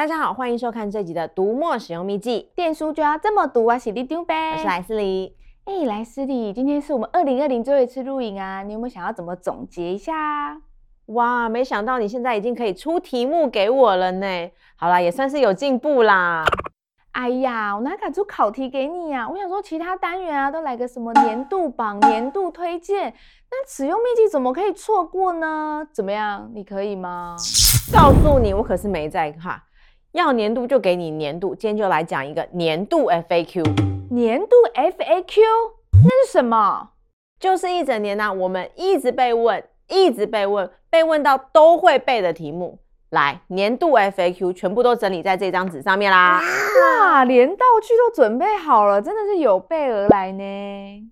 大家好，歡迎收看這集的《讀墨使用祕技》，電書就要這麼讀啊，喜地丟唄。我是萊斯利。哎，萊斯利，今天是我們二零二零最後一次錄影啊，你有沒有想要怎麼總結一下？哇，沒想到你現在已經可以出題目給我了呢，好啦，也算是有進步啦。哎呀，我哪敢出考題給你啊？我想說其他單元啊，都來個什麼年度榜、年度推薦，但使用祕技怎麼可以錯過呢？怎麼樣，你可以嗎？告訴你，我可是沒在哈要年度就給你年度，今天就來講一個年度 FAQ。年度 FAQ？那是什麼？就是一整年吶、啊，我們一直被問，一直被問，被問到都會背的題目。來，年度 FAQ 全部都整理在這張紙上面啦。哇，連道具都準備好了，真的是有備而來呢。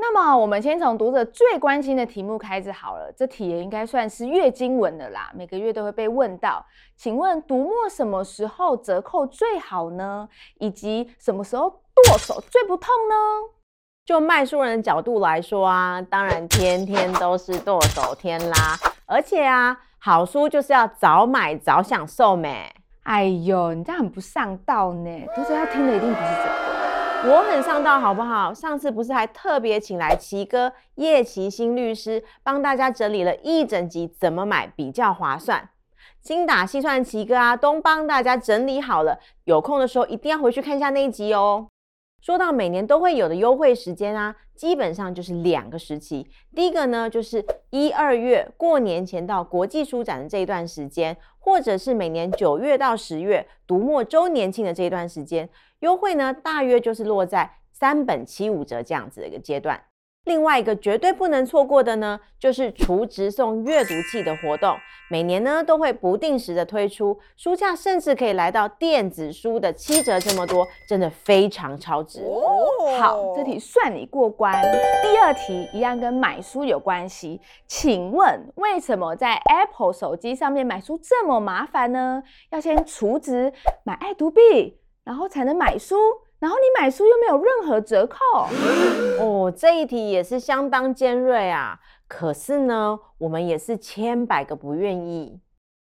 那麼我們先從讀者最關心的題目開始好了，這題也應該算是月經文的啦，每個月都會被問到。請問讀墨什麼時候折扣最好呢？以及什麼時候剁手最不痛呢？就賣書人的角度來說啊，當然天天都是剁手天啦。而且啊，好書就是要早買早享受沒？哎喲，你這樣很不上道呢，讀者要聽的一定不是這個。我很上道，好不好？上次不是還特別請來奇哥葉奇新律師幫大家整理了一整集怎麼買比較划算，精打細算奇哥啊，都幫大家整理好了。有空的時候一定要回去看一下那一集哦。說到每年都會有的優惠時間啊，基本上就是兩個時期。第一個呢，就是一二月過年前到國際書展的這一段時間，或者是每年九月到十月讀墨周年慶的這一段時間。優惠呢，大約就是落在三本七五折這樣子的一個階段。另外一個絕對不能錯過的呢，就是儲值送閱讀器的活動，每年呢都會不定時的推出，書價甚至可以來到電子書的七折，這麼多真的非常超值。哦、好，這題算你過關。第二題一樣跟買書有關係，請問為什麼在 Apple 手機上面買書這麼麻煩呢？要先儲值買愛讀幣。然後才能買書，然後你買書又沒有任何折扣哦。這一題也是相當尖銳啊！可是呢，我們也是千百個不願意。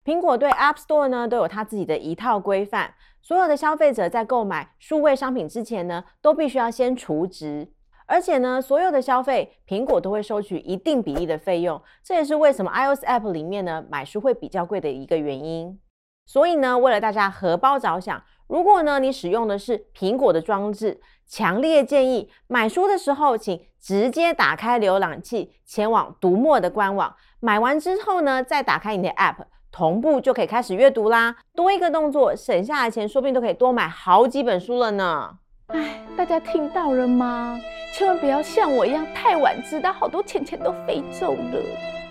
蘋果對 App Store 呢都有它自己的一套規範，所有的消費者在購買數位商品之前呢，都必須要先儲值，而且呢，所有的消費蘋果都會收取一定比例的費用，這也是為什麼 iOS App 裡面呢買書會比較貴的一個原因。所以呢，為了大家荷包着想。如果呢，你使用的是蘋果的裝置，強烈建議買書的時候，請直接打開瀏覽器，前往讀墨的官網。買完之後呢，再打開你的 App，同步就可以開始閱讀啦。多一個動作，省下的錢，說不定都可以多買好幾本書了呢。哎，大家聽到了嗎？千萬不要像我一樣太晚知道，好多錢錢都飛走了。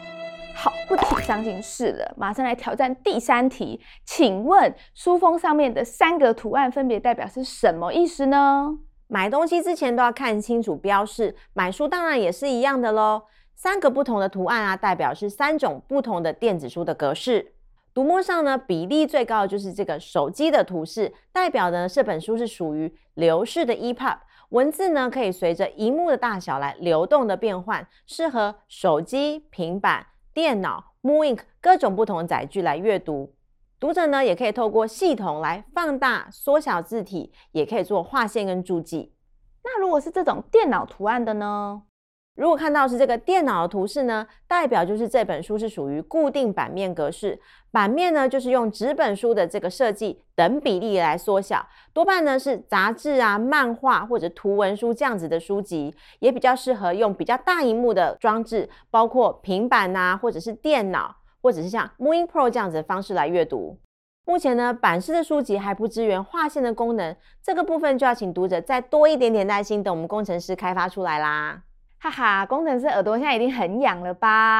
好，不提傷心事了，馬上來挑戰第三題。請問書封上面的三個圖案分別代表是什麼意思呢？買東西之前都要看清楚標示，買書當然也是一樣的嘍。三個不同的圖案啊，代表是三種不同的電子書的格式。讀墨上呢，比例最高的就是這個手機的圖示，代表呢，這本書是屬於流式的 EPUB。文字呢，可以隨着螢幕的大小來流動的變換，適合手機、平板。電腦、mooInk 各種不同的載具來閱讀，讀者呢也可以透過系統來放大、縮小字體，也可以做劃線跟注記。那如果是這種電腦圖案的呢？如果看到是這個電腦的圖示呢，代表就是這本書是屬於固定版面格式，版面呢就是用紙本書的這個設計等比例來縮小，多半呢是雜誌啊、漫畫或者圖文書這樣子的書籍，也比較適合用比較大螢幕的裝置，包括平板吶、啊，或者是電腦，或者是像 mooInk Pro 這樣子的方式來閱讀。目前呢，版式的書籍還不支援畫線的功能，這個部分就要請讀者再多一點點耐心，等我們工程師開發出來啦。哈哈，工程師耳朵現在已經很癢了吧？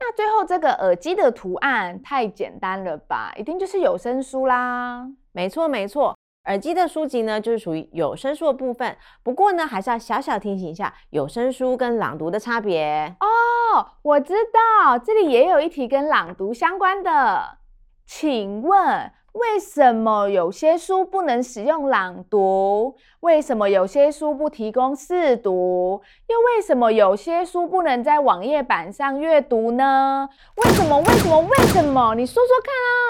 那最後這個耳機的圖案太簡單了吧？一定就是有聲書啦。沒錯沒錯，耳機的書籍呢，就是屬於有聲書的部分。不過呢，還是要小小提醒一下，有聲書跟朗讀的差別。哦，我知道，這裡也有一題跟朗讀相關的，請問。為什麼有些書不能使用朗讀？為什麼有些書不提供試讀？又為什麼有些書不能在網頁版上閱讀呢？為什麼？為什麼？為什麼？你說說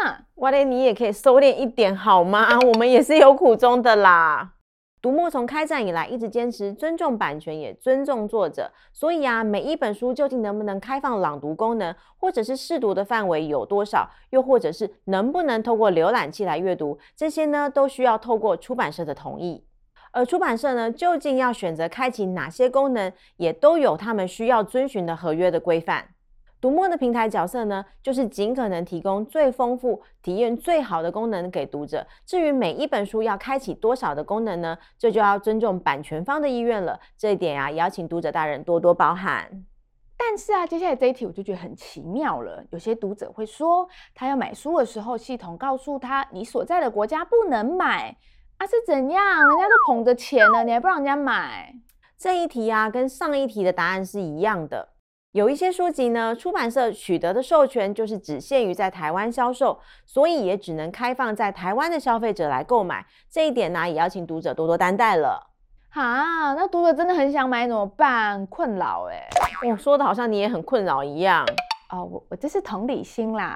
看啊！哇咧，你也可以收斂一點好嗎？我們也是有苦衷的啦。讀墨從開展以來一直堅持尊重版權，也尊重作者。所以啊，每一本書究竟能不能開放朗讀功能，或者是試讀的範圍有多少，又或者是能不能透過瀏覽器來閱讀，這些呢，都需要透過出版社的同意。而出版社呢，究竟要選擇開啟哪些功能，也都有他們需要遵循的合約的規範。讀墨的平台角色呢，就是盡可能提供最豐富、體驗最好的功能給讀者。至於每一本書要開啟多少的功能呢，這就要尊重版權方的意願了。這一點啊，也要請讀者大人多多包涵。但是啊，接下來這一題我就覺得很奇妙了。有些讀者會說，他要買書的時候，系統告訴他，你所在的國家不能買。啊，是怎樣？人家都捧着錢呢，你還不讓人家買？這一題啊，跟上一題的答案是一樣的。有一些書籍呢，出版社取得的授權就是只限於在台灣銷售，所以也只能開放在台灣的消費者來購買。這一點呢、啊，也要請讀者多多擔待了。哈、啊，那讀者真的很想買怎麼辦？困擾哎、欸，我、哦、說的好像你也很困擾一樣。哦，我我這是同理心啦。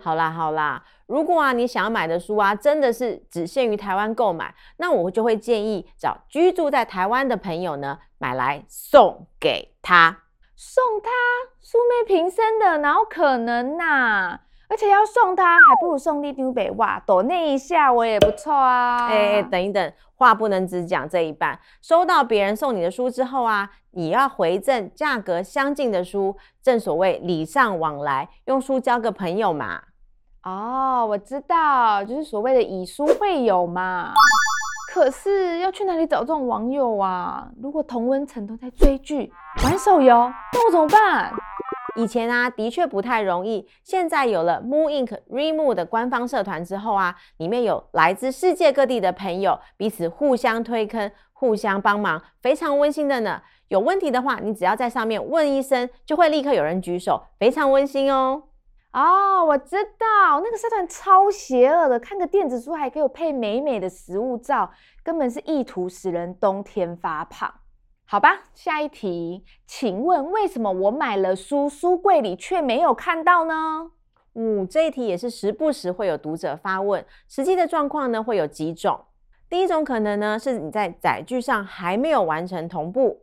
好啦好啦，如果啊你想要買的書啊真的是只限於台灣購買，那我就會建議找居住在台灣的朋友呢買來送給他。送他素昧平生的，哪有可能吶、啊，而且要送他，還不如送你牛北哇躲那一下我也不錯啊。哎、欸欸、等一等，話不能只講這一半。收到別人送你的書之後啊，你要回贈價格相近的書，正所謂禮尚往來，用書交個朋友嘛。哦，我知道，就是所謂的以書會友嘛。可是要去哪裡找這種網友啊？如果同溫層都在追劇、玩手遊，那我怎麼辦？以前啊，的確不太容易。現在有了讀墨 Readmoo 的官方社團之後啊，裡面有來自世界各地的朋友，彼此互相推坑、互相幫忙，非常溫馨的呢。有問題的話，你只要在上面問一聲，就會立刻有人舉手，非常溫馨哦、喔。哦，我知道那個社團超邪惡的，看個電子書還給我配美美的食物照，根本是意圖使人冬天發胖。好吧，下一題，請問為什麼我買了書，書櫃裡卻沒有看到呢？五、哦、這一題也是時不時會有讀者發問，實際的狀況呢，會有幾種。第一種可能呢，是你在載具上還沒有完成同步，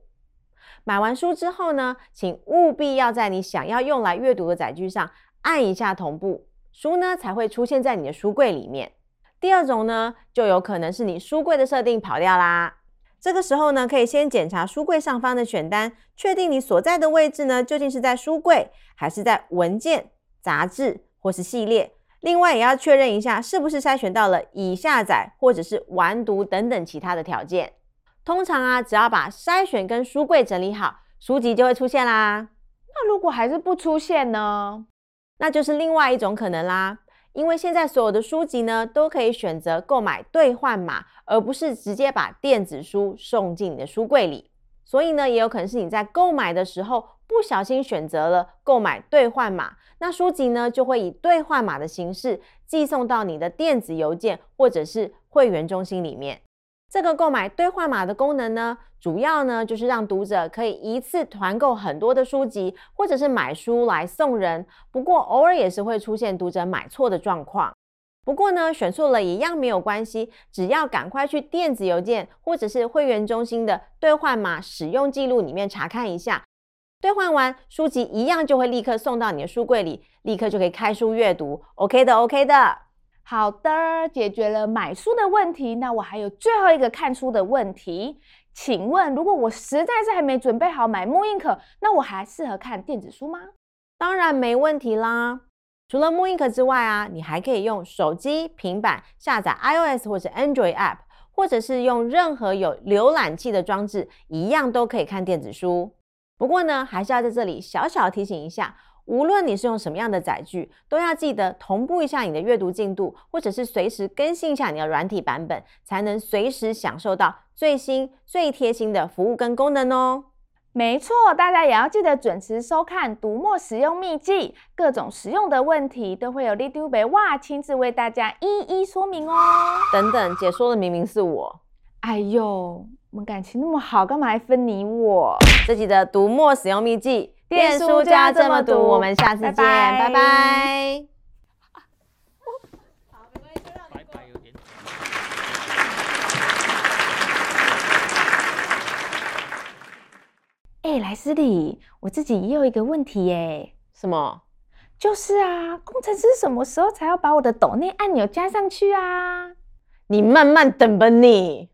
買完書之後呢，請務必要在你想要用來閱讀的載具上，按一下同步，書呢，才會出現在你的書櫃裡面。第二種呢，就有可能是你書櫃的設定跑掉啦。這個時候呢，可以先檢查書櫃上方的選單，確定你所在的位置呢，究竟是在書櫃，還是在文件、雜誌，或是系列。另外也要確認一下，是不是篩選到了已下載或者是完讀等等其他的條件。通常啊，只要把篩選跟書櫃整理好，書籍就會出現啦。那如果還是不出現呢？那就是另外一種可能啦，因為現在所有的書籍呢，都可以選擇購買兌換碼，而不是直接把電子書送進你的書櫃裡。所以呢，也有可能是你在購買的時候不小心選擇了購買兌換碼，那書籍呢就會以兌換碼的形式寄送到你的電子郵件或者是會員中心裡面。這個購買兌換碼的功能呢，主要呢就是讓讀者可以一次團購很多的書籍，或者是買書來送人。不過偶爾也是會出現讀者買錯的狀況。不過呢，選錯了一樣沒有關係，只要趕快去電子郵件或者是會員中心的兌換碼使用記錄裡面查看一下，兌換完書籍一樣就會立刻送到你的書櫃裡，立刻就可以開書閱讀。OK 的，OK 的。好的，解決了買書的問題。那我還有最後一個看書的問題，請問如果我實在是還沒準備好買 mooInk，那我還適合看電子書嗎？當然沒問題啦。除了 mooInk 之外啊，你還可以用手機、平板下載 iOS 或者 Android app，或者是用任何有瀏覽器的裝置，一樣都可以看電子書。不過呢，還是要在這裡小小提醒一下。無論你是用什麼樣的載具，都要記得同步一下你的閱讀進度，或者是隨時更新一下你的軟體版本，才能隨時享受到最新、最貼心的服務跟功能哦。沒錯，大家也要記得準時收看《讀墨使用秘技》，各種實用的問題都會有 Little Bear 哇親自為大家一一說明哦。等等，解說的明明是我。哎呦，我們感情那麼好，幹嘛還分你我？這集的《讀墨使用秘技》。電書家這麼讀，我們下次見，拜拜。好，拜拜。哎， 萊斯利，我自己也有一個問題耶。什麼？就是啊，工程師什麼時候才要把我的抖內按鈕加上去啊？你慢慢等吧，你。